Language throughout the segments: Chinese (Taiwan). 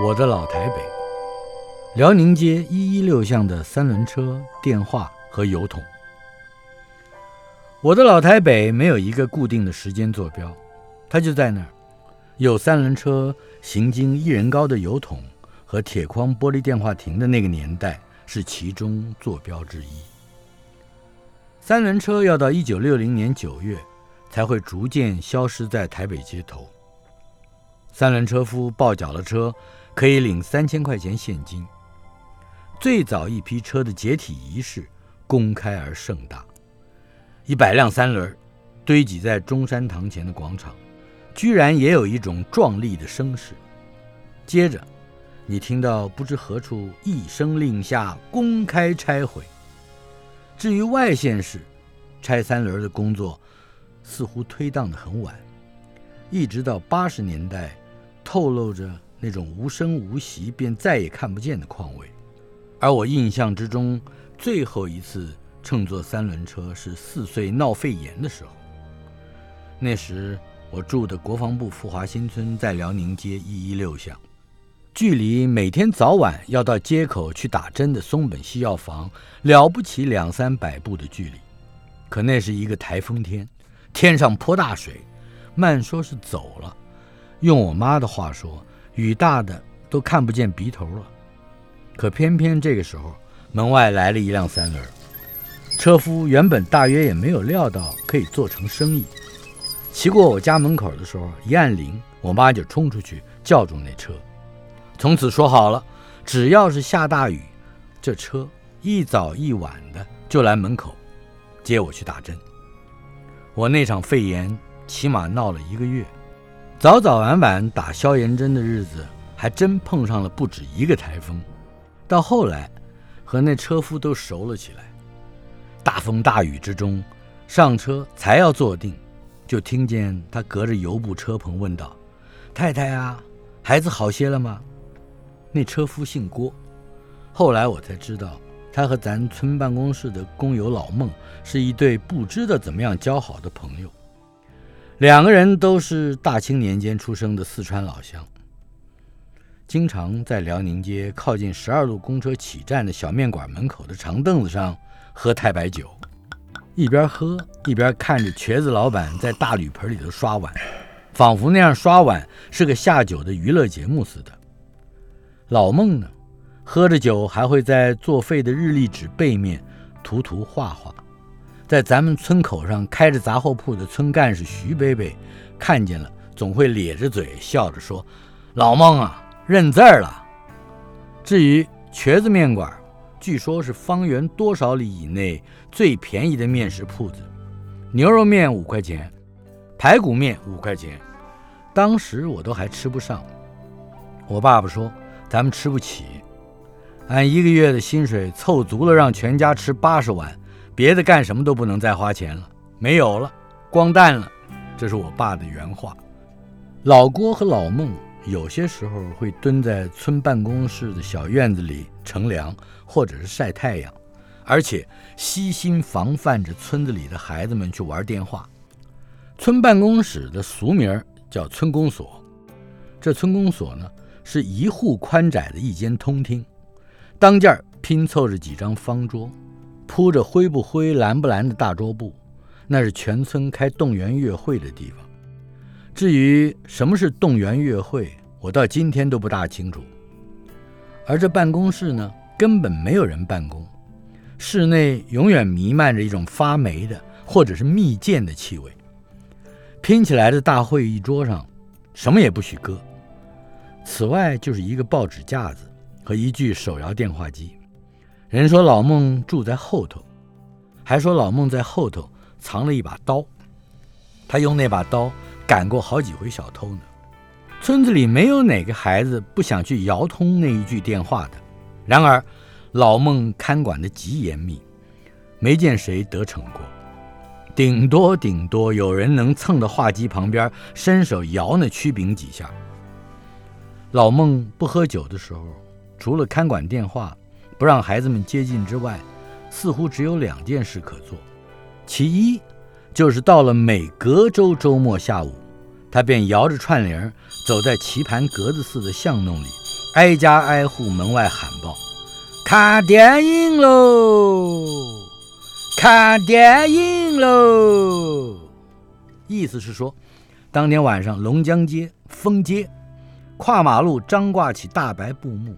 我的老台北，遼寧街一一六巷的三輪車、電話和郵筒。我的老台北沒有一個固定的時間坐標，它就在那兒。有三輪車行經一人高的郵筒和鐵框玻璃電話亭的那個年代，是其中坐標之一。三輪車要到一九六零年九月才會逐漸消失在台北街頭。三輪車夫抱腳的車。可以領三千塊錢現金。最早一批車的解體儀式公開而盛大，一百輛三輪兒堆積在中山堂前的廣場，居然也有一種壯麗的聲勢。接着，你聽到不知何處一聲令下，公開拆毀。至於外縣市，拆三輪兒的工作似乎推宕得很晚，一直到八十年代，透露着。那種無聲無息便再也看不見的況味。而我印象之中最後一次乘坐三輪車是四歲鬧肺炎的時候。那時我住的國防部富華新村在遼寧街一一六巷，距離每天早晚要到街口去打針的松本西藥房了不起兩三百步的距離，可那是一個台風天，天上潑大水，慢說是走了，用我媽的話說。雨大的都看不見鼻頭了，可偏偏這個時候，門外來了一輛三輪，車夫原本大約也沒有料到可以做成生意。騎過我家門口的時候，一按鈴，我媽就衝出去叫住那車。從此說好了，只要是下大雨，這車一早一晚的就來門口接我去打針。我那場肺炎起碼鬧了一個月。早早晚晚打消炎針的日子，還真碰上了不止一個台風。到後來，和那車夫都熟了起來。大風大雨之中，上車才要坐定，就聽見他隔着油布車棚問道：“太太啊，孩子好些了嗎？”那車夫姓郭。後來我才知道，他和咱村辦公室的工友老孟是一對不知道怎麼樣交好的朋友。兩個人都是大清年間出生的四川老鄉，經常在遼寧街靠近十二路公車起站的小面館門口的長凳子上喝太白酒，一邊喝一邊看着瘸子老板在大鋁盆裡頭刷碗，仿佛那樣刷碗是個下酒的娛樂節目似的。老孟呢，喝着酒還會在作廢的日曆紙背面塗塗塗畫畫。在咱們村口上開着雜貨鋪的村幹事徐貝貝看見了，總會咧着嘴笑着說：“老孟啊，認字兒了。”至於瘸子麵館，據說是方圓多少里以內最便宜的麵食鋪子，牛肉麵五塊錢，排骨麵五塊錢。當時我都還吃不上，我爸爸說：“咱們吃不起，按一個月的薪水湊足了讓全家吃八十碗。”別的幹什麼都不能再花錢了，沒有了，光蛋了，這是我爸的原話。老郭和老孟有些時候會蹲在村辦公室的小院子裡乘涼，或者是曬太陽，而且悉心防範着村子裡的孩子們去玩電話。村辦公室的俗名叫村公所，這村公所呢是一戶寬窄的一間通廳，當間兒拼湊着幾張方桌。鋪着灰不灰、藍不藍的大桌布，那是全村開動員月會的地方。至於什麼是動員月會，我到今天都不大清楚。而這辦公室呢，根本沒有人辦公，室內永遠彌漫着一種發霉的或者是蜜餞的氣味。拼起來的大會議桌上，什麼也不許擱。此外，就是一個報紙架子和一具手搖電話機。人說老孟住在後頭，還說老孟在後頭藏了一把刀，他用那把刀趕過好幾回小偷呢。村子裡沒有哪個孩子不想去搖通那一句電話的。然而老孟看管得極嚴密，沒見誰得逞過。頂多頂多有人能蹭到話機旁邊，伸手搖那曲柄幾下。老孟不喝酒的時候，除了看管電話。不讓孩子們接近之外，似乎只有兩件事可做。其一，就是到了每隔周周末下午，他便搖着串鈴，走在棋盤格子似的巷弄裡，挨家挨戶門外喊報：“看電影嘍，看電影嘍。”意思是說，當天晚上龍江街封街，跨馬路張掛起大白布幕，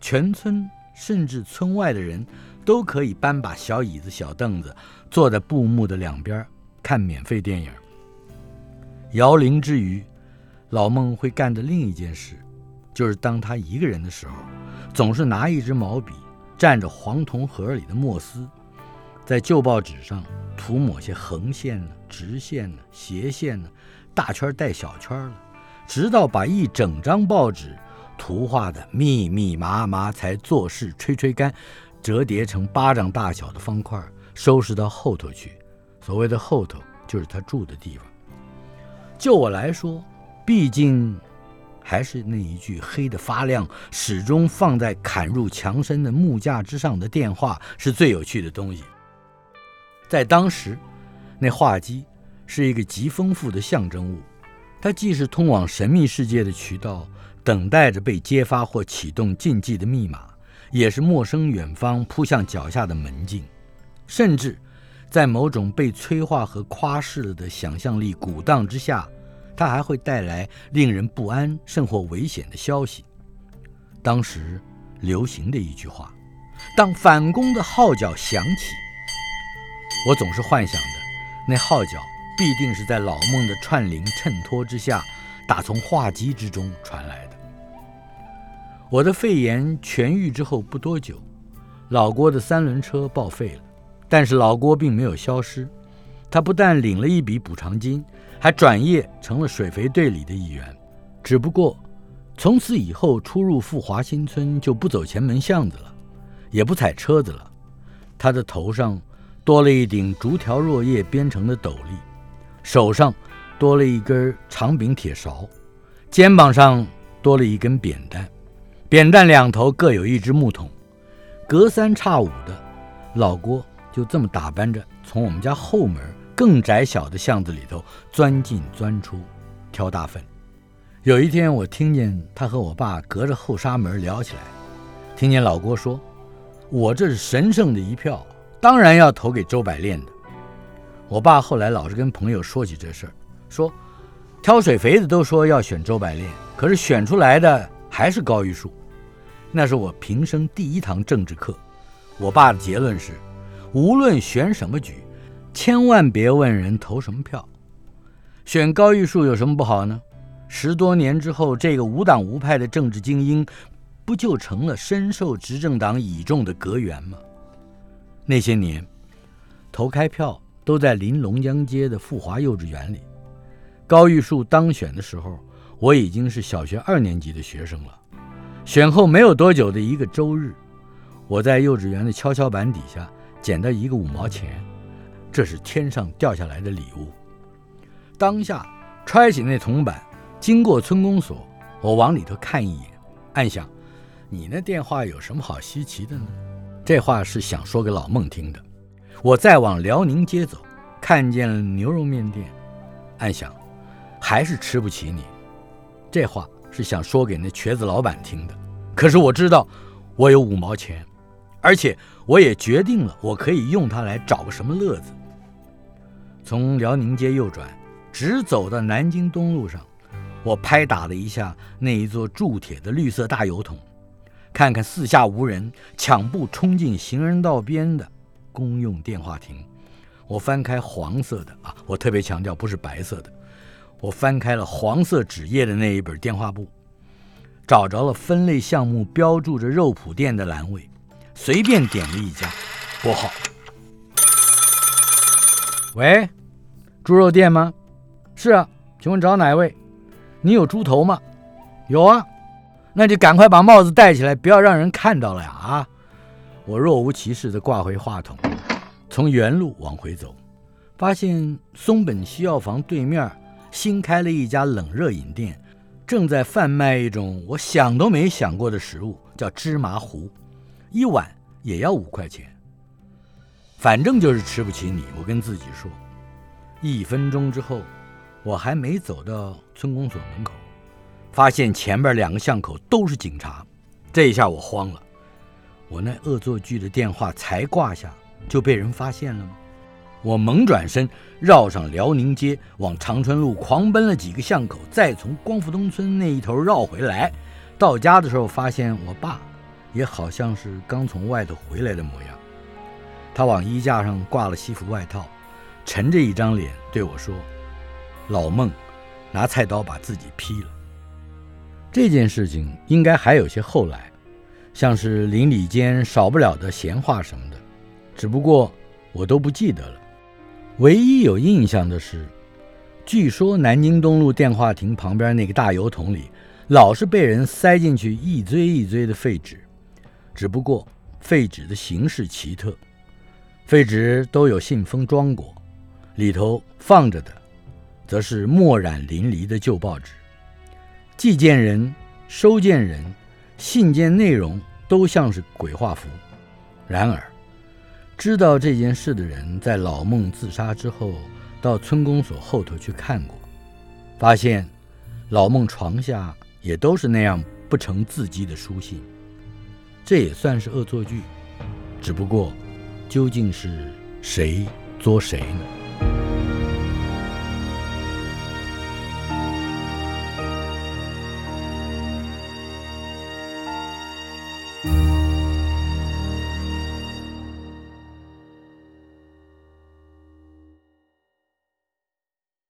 全村。甚至村外的人都可以搬把小椅子、小凳子，坐在布幕的兩邊看免費電影。搖鈴之餘，老孟會幹的另一件事，就是當他一個人的時候，總是拿一支毛筆蘸着黃銅盒裡的墨汁，在舊報紙上塗抹些橫線、直線、斜線、大圈帶小圈，直到把一整張報紙。圖畫的密密麻麻，才做事吹吹乾，摺疊成巴掌大小的方塊，收拾到後頭去。所謂的後頭，就是他住的地方。就我來說，畢竟還是那一具黑得發亮，始終放在砍入牆身的木架之上的電話是最有趣的東西。在當時，那話機是一個極豐富的象徵物。它既是通往神秘世界的渠道，等待着被揭發或啟動禁忌的密碼，也是陌生遠方撲向腳下的門徑。甚至，在某種被催化和誇飾的想象力鼓盪之下，它還會帶來令人不安甚或危險的消息。當時流行的一句話：“當反攻的號角響起。”我總是幻想着那號角。必定是在老孟的串鈴襯托之下，打從話機之中傳來的。我的肺炎痊癒之後不多久，老郭的三輪車報廢了，但是老郭並沒有消失。他不但領了一筆補償金，還轉業成了水肥隊裡的一員。只不過，從此以後出入富華新村就不走前門巷子了，也不踩車子了。他的頭上多了一頂竹條箬葉編成的斗笠。手上多了一根長柄鐵勺，肩膀上多了一根扁擔，扁擔兩頭各有一隻木桶。隔三差五的，老郭就這麼打扮着，從我們家後門更窄小的巷子裡頭鑽進鑽出，挑大糞。有一天，我聽見他和我爸隔着後紗門聊起來，聽見老郭說：“我這是神聖的一票，當然要投給周百煉的。”我爸後來老是跟朋友說起這事兒，說，挑水肥子都說要選周百鍊，可是選出來的還是高玉樹。那是我平生第一堂政治課。我爸的結論是，無論選什麼局，千萬別問人投什麼票。選高玉樹有什麼不好呢？十多年之後，這個無黨無派的政治精英，不就成了深受執政黨倚重的閣員嗎？那些年，投開票，都在臨龍江街的富華幼稚園裡。高玉樹當選的時候，我已經是小學二年級的學生了。選後沒有多久的一個周日，我在幼稚園的蹺蹺板底下撿到一個五毛錢，這是天上掉下來的禮物。當下揣起那銅板，經過村公所，我往裡頭看一眼，暗想：你那電話有什麼好稀奇的呢？這話是想說給老孟聽的。我再往遼寧街走，看見了牛肉麵店，暗想，還是吃不起你。這話是想說給那瘸子老闆聽的。可是我知道，我有五毛錢，而且我也決定了，我可以用它來找個什麼樂子。從遼寧街右轉，直走到南京東路上，我拍打了一下那一座鑄鐵的綠色大油桶，看看四下無人，搶步衝進行人道邊的。公用電話亭，我翻開黃色的啊，我特別強調不是白色的，我翻開了黃色紙頁的那一本電話簿，找着了分類項目標注着肉鋪店的欄位，隨便點了一家，撥號，喂，豬肉店嗎？是啊，請問找哪位？你有豬頭嗎？有啊，那就趕快把帽子戴起來，不要讓人看到了呀啊！我若無其事地掛回話筒。從原路往回走，發現松本西藥房對面新開了一家冷熱飲店，正在販賣一種我想都沒想過的食物，叫芝麻糊，一碗也要五塊錢。反正就是吃不起你，我跟自己說。一分鐘之後，我還沒走到村公所門口，發現前邊兩個巷口都是警察，這一下我慌了。我那惡作劇的電話才掛下，就被人發現了嗎？我猛轉身，繞上遼寧街，往長春路狂奔了幾個巷口，再從光復東村那一頭繞回來。到家的時候，發現我爸也好像是剛從外頭回來的模樣。他往衣架上掛了西服外套，沉着一張臉對我說：“老孟，拿菜刀把自己劈了。”這件事情應該還有些後來，像是鄰里間少不了的閒話什麼的。只不過我都不記得了。唯一有印象的是，據說南京東路電話亭旁邊那個大油桶裡，老是被人塞進去一堆一堆的廢紙。只不過廢紙的形式奇特，廢紙都有信封裝裹，裡頭放着的，則是墨染淋漓的舊報紙。寄件人、收件人、信件內容都像是鬼畫符。然而。知道這件事的人，在老孟自殺之後，到村公所後頭去看過，發現老孟床下也都是那樣不成字跡的書信，這也算是惡作劇，只不過究竟是誰作誰呢？